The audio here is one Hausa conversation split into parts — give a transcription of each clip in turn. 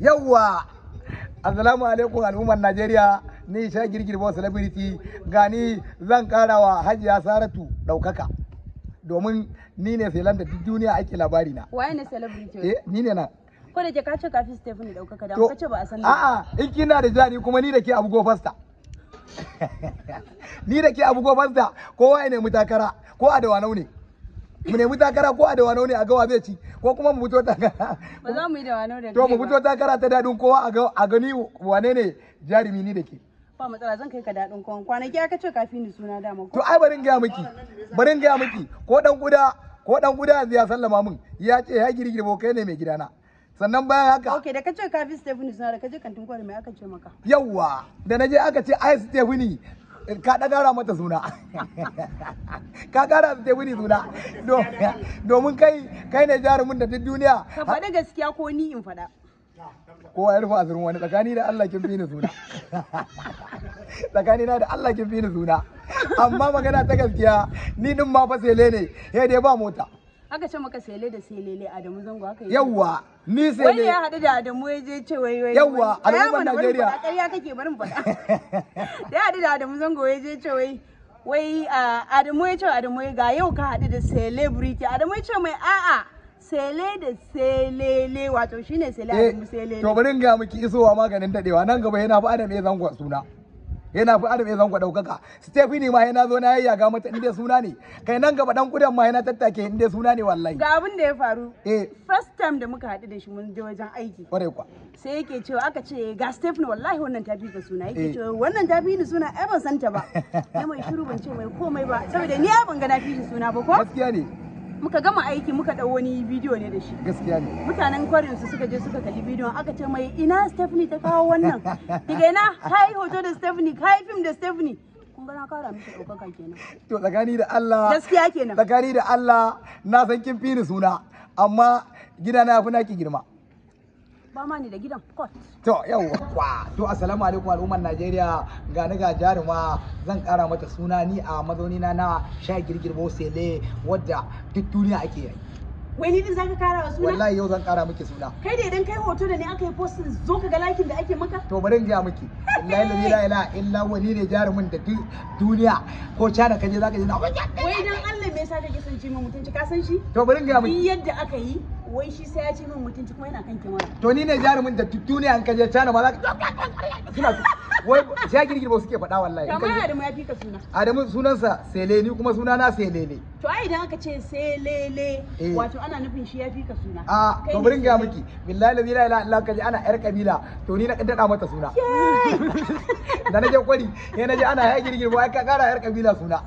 yawwa assalamu alaikum al'ummar najeriya ni sha girgir bo celebrity gani zan karawa hajiya saratu daukaka domin ni ne sai landa duk duniya ake labari na waye ne celebrity eh ni ne na ko da ke ka ce kafi Stephanie daukaka da ka ce ba a san a'a in kina da jari kuma ni da ke abu go fasta ni da ke abu go fasta waye ne mutakara ko a da wanau ne mu nemi takara ko a da wano ne a gawa zai ci ko kuma mu fito takara ba za mu yi da wano da to mu fito takara ta dadin kowa a ga a gani wane ne jarumi ni da ke ba matsala zan kai ka dadin kowa kwanaki aka ce kafin ni suna dama to ai barin ga miki barin ga miki ko dan guda ko dan guda zai ya sallama min ya ce ya girgire kai ne mai gidana sannan bayan haka okay da kace ka fi Stephanie suna da kaje kantin kwari mai aka ce maka yawa da naje aka ce ai Stephanie ka ɗaɗara mata suna ka ƙara da wuni suna domin kai kai ne jarumin da duk duniya ka faɗa gaskiya ko ni in faɗa ko ya rufa azurin wani tsakani da Allah kin fi ni suna tsakani na da Allah kin fi ni suna amma magana ta gaskiya ni din ma fasele ne sai dai ba mota Aka ce maka sele da selele Adamu Zango aka yi. Yawwa, ni sele. Wani ya haɗu da Adamu ya je ce wai wai. Yawwa, al'ummar Najeriya. Ƙarya kake barin faɗa. Da ya haɗu da Adamu Zango ya je ce wai wai Adamu ya ce Adamu ga yau ka haɗu da celebrity. Adamu ya ce mai a'a. sele da selele wato shine sele eh, Adamu selele. To bari in ga miki isowa maganin dadewa nan gaba yana ba Adam ya zango suna. yana fi adam ya zango ɗaukaka stephanie ma yana zo na ga mata inda suna ne kai nan gaba dan kudan ma yana tattake inda suna ne wallahi ga abin da ya faru eh first time da muka haɗu da shi mun je wajen aiki kware kwa sai yake cewa aka ce ga stephen wallahi wannan ta ga suna yake eh. cewa wannan ta ni suna ai ban santa ba na mai shiru ban ce mai komai ba saboda ni ban ga na fi suna ba ko gaskiya ne muka gama aiki muka dau wani bidiyo ne da shi gaskiya ne mutanen kwarin su suka je suka kalli bidiyo aka ce mai ina Stephanie ta kawo wannan daga ina kai hoto da Stephanie kai film da Stephanie kun ga na kara miki kenan to tsakani da Allah gaskiya kenan tsakani da Allah na san kin fi ni suna amma gidana ya fi naki girma ba ma ni da gidan court to yawwa to assalamu alaikum al'ummar Najeriya ga ni ga jaruma zan kara mata suna ni a mazauni na na sha girgirbo sele wadda duk duniya ake yi wai ni din zaka kara wa suna wallahi yau zan kara miki suna kai da idan kai hoto da ni aka yi post zo ka ga lakin da ake maka to bari in ga miki wallahi la ilaha illa wani ne jarumin da duk duniya ko cana kaje zaka ji na wai dan Allah me yasa kake son ji mu mutunci ka san shi to bari in ga miki yadda aka yi wai shi sai ya ce min mutunci kuma yana kan kyamara to ni ne jarumin da tuttuniya ne an kaje cana ma za ka wai ja girgirbo suke faɗa wallahi kamar Adamu ya fi ka suna Adamu sunansa Seleni kuma suna na Selele to ai idan aka ce Selele eh. wato ana nufin shi ya fi ka suna a ah, to bari ga miki billahi la ilaha illa kaji ana yar kabila to ni na daɗa mata suna da naje kwari ne naje ana ya girgirbo ai ka kara yar kabila suna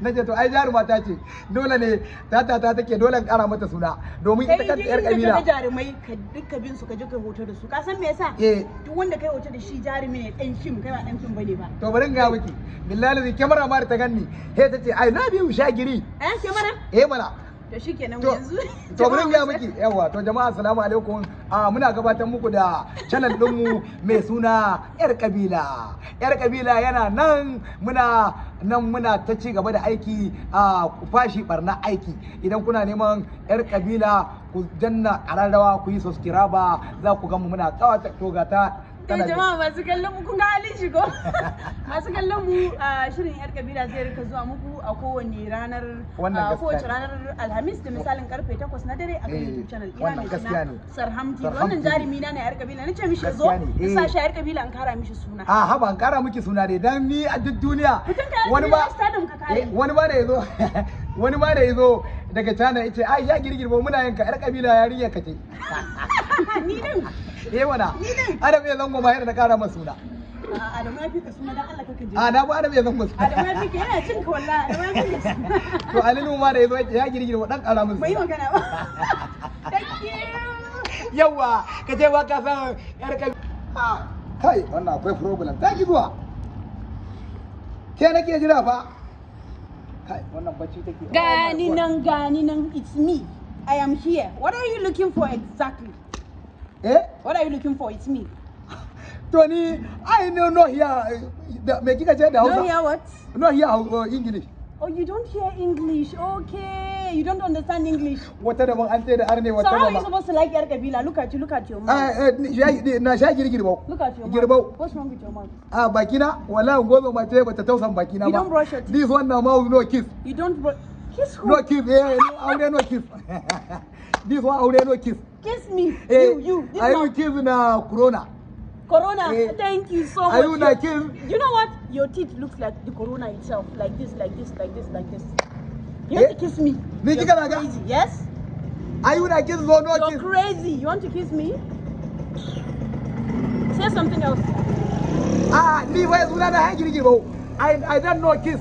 naje to ai jaruma ta ce dole ne tata ta take dole in kara mata suna domin ita kanta yar kabila kai jarumai ka dukkan bin su ka je kai hoto da su ka san me yasa eh. duk wanda kai hoto da shi jarumi ne dan kai ba dan bane ba to bari ga miki billahi zai kyamara ma ta ganni he ta ce ai na biyu shagiri eh kyamara eh mana to shikenan yanzu to bari ga miki yawa to jama'a assalamu alaikum Ah muna gabatar muku da channel din mu mai suna yar kabila yar kabila yana nan muna nan muna ta ci gaba da aiki a fashi barna aiki idan kuna neman yar kabila ku janna kararrawa ku yi subscribe za ku ga muna kawata to ta kai jama'a masu kallon mu kun ga halin shigo masu kallon mu shirin yar kabila zai rika zuwa muku a kowane ranar kowace ranar alhamis da misalin karfe 8 na dare a kan eh, youtube channel ina mai suna sarhamti wannan jarumi na yar kabila na ce mishi zo sa eh. shi yar kabila an kara mishi suna a ah, haba an kara miki suna dai dan ni a duk duniya wani ba wani ba da yazo wani ma da yazo daga China yace ai ya girgirbo muna yanka yar kabila yarinya kace ni din eh wana adam ma da kara masa suna ya suna dan Allah ka wallahi ba. Thank you. ka je ka. Kai wannan akwai problem. Ta ki zuwa. Ke nake fa. Gani nan gani nan it's me. I am here. What are you looking for exactly? Eh? What are you looking for? It's me. Tony, I know not here. making a a Not here what? Not here uh, English. Oh, you don't hear English. Okay. You don't understand English. What are the So how are you supposed to like your kabila? Look at you, look at your mouth. Ah, eh, look at your mouth. What's wrong with your mouth? Ah, bakina wala gozo mace tell some bakina You don't brush your teeth. This one now mouth no kiss. You don't brush Kiss who? No kiss. don't eh, no kiss. this one I don't no kiss. Kiss me. Hey, eh, you, you. This are you giving uh, Corona? Corona, hey. Eh, thank you so much. Are you like him? You know what? Your teeth looks like the Corona itself. Like this, like this, like this, like this. You hey. want to eh, kiss me? You're crazy, yes? Are you like kiss You're kiss? crazy. You want to kiss me? Say something else. Ah, leave us without a hand. I, I don't know kiss.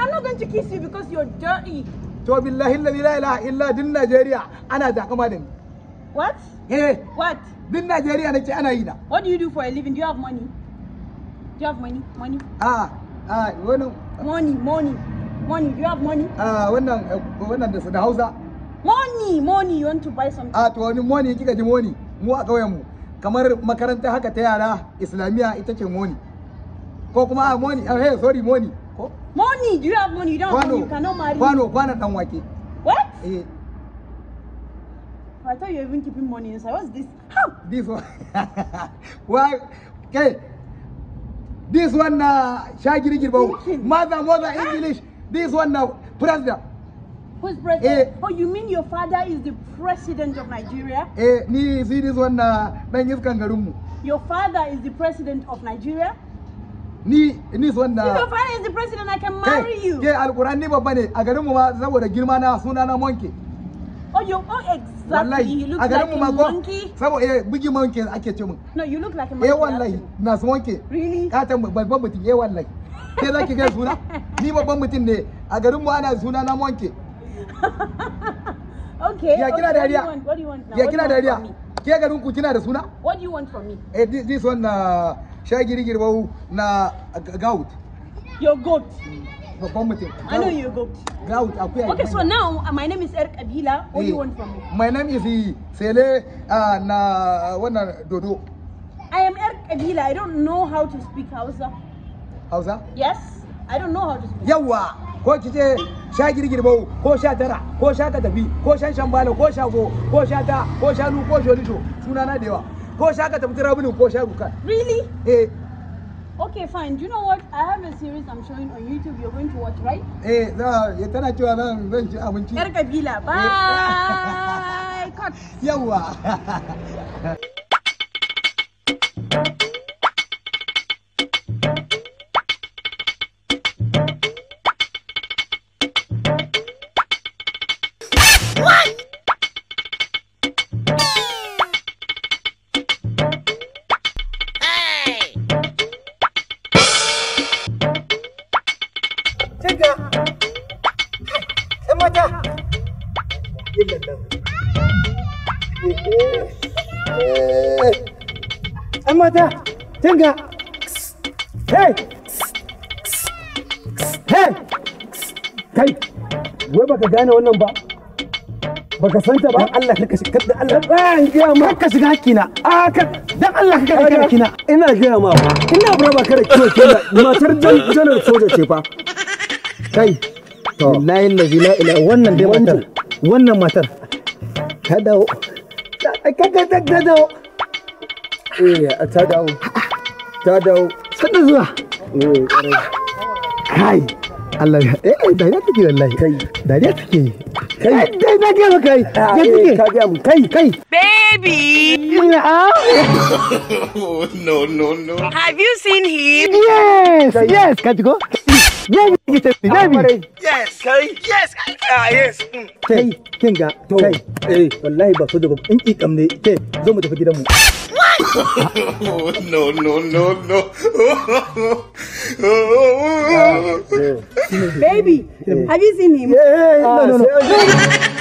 I'm not going to kiss you because you're dirty. to billahi la ilaha illa din Najeriya ana takama da ni What? Eh. eh. What? Din Najeriya nake ana yi na. What do you do for a living? Do you have money? Do you have money? Money? Ah, ah, wannan. Money, money, money. Do you have money? Ah, wannan, eh, wannan da Hausa. Money, money. You want to buy something? Ah, to wani money kika ji money. Mu a ƙauyen mu. Kamar makaranta haka ta yara Islamiyya ita ce money. Ko kuma ah, money, ah, hey, sorry, money. Ko? Money, do you have money? You don't have money, you cannot marry. Kwano, kwano dan wake. What? Eh. I thought you were even keeping money inside. What's this? How? This one. Why? Okay. This one, uh, Shagiri Girbo. Mother, mother ah. English. This one now, uh, president. Who's president? Eh, oh, you mean your father is the president of Nigeria? Eh, ni see this one, uh, kangarumu. Your father is the president of Nigeria? ni ni son uh, If Your father is the president I can marry you. Yeah, Ke alkurani babba ne a garinmu ma saboda girma na suna na monkey. Oh, you, oh, Wallahi, a Sabo, eh, big monkey ake ce mun. No, you look like a eh, monkey. Eh, wallahi, na su Really? Ka ta babban mutum, eh, wallahi. Ke za ki ga suna? Ni babban mutum ne, a garin mu ana suna na monkey. okay. Ya kina dariya. Ya kina dariya. Ke garin ku kina da suna? What do you want from me? Eh, this, one uh, na shagiri uh, na gout. Your goat. Mm. babban mutum. I know you go. Grout akuya. Okay, so now uh, my name is Eric Abila. What do you eh, want from me? My name is eh, Sele uh, na uh, wannan dodo. I am Eric Abila. I don't know how to speak Hausa. Hausa? Yes. I don't know how to speak. Yawa. Ko kice sha girgirbau ko sha tara ko sha katafi ko shan shambalo ko sha go ko sha ta ko sha nu ko sholisho sunana da yawa ko sha ka tafi ko sha rukan. Really? Eh. Okay, fine. Do you know what? I have a series I'm showing on YouTube. You're going to watch, right? Eh, za ya tana cewa zan zan ci abinci. Yar kabila. Bye. Cut. Yawa. Eh. Eh. An mata, tinga! Hey! Hey! Kai! Wai baka gane wannan ba? Baka santa ba? Allah ka Allah. gaya ma dan Allah ka Ina gaya ma Ina bura ba kare kiwo Matar janar soja ce fa. Kai. To. Layin da zila ila wannan dai matar. wannan matar ta dawo ta dawo eh ta dawo ta dawo sanda zuwa eh kai Allah ya eh, eh ya take wallahi kai ya take kai eh, dai na ga kai ah, ya eh, take ka ga mu kai kai baby ah. oh, no no no have you seen him yes yes ka go Yes, yes, yes, yes. Kai, ah, mm. kin ga, kai, eh, wallahi no, no, no, no. Ah, eh. Baby, eh. have you seen him? Yeah, ah, no, no, no.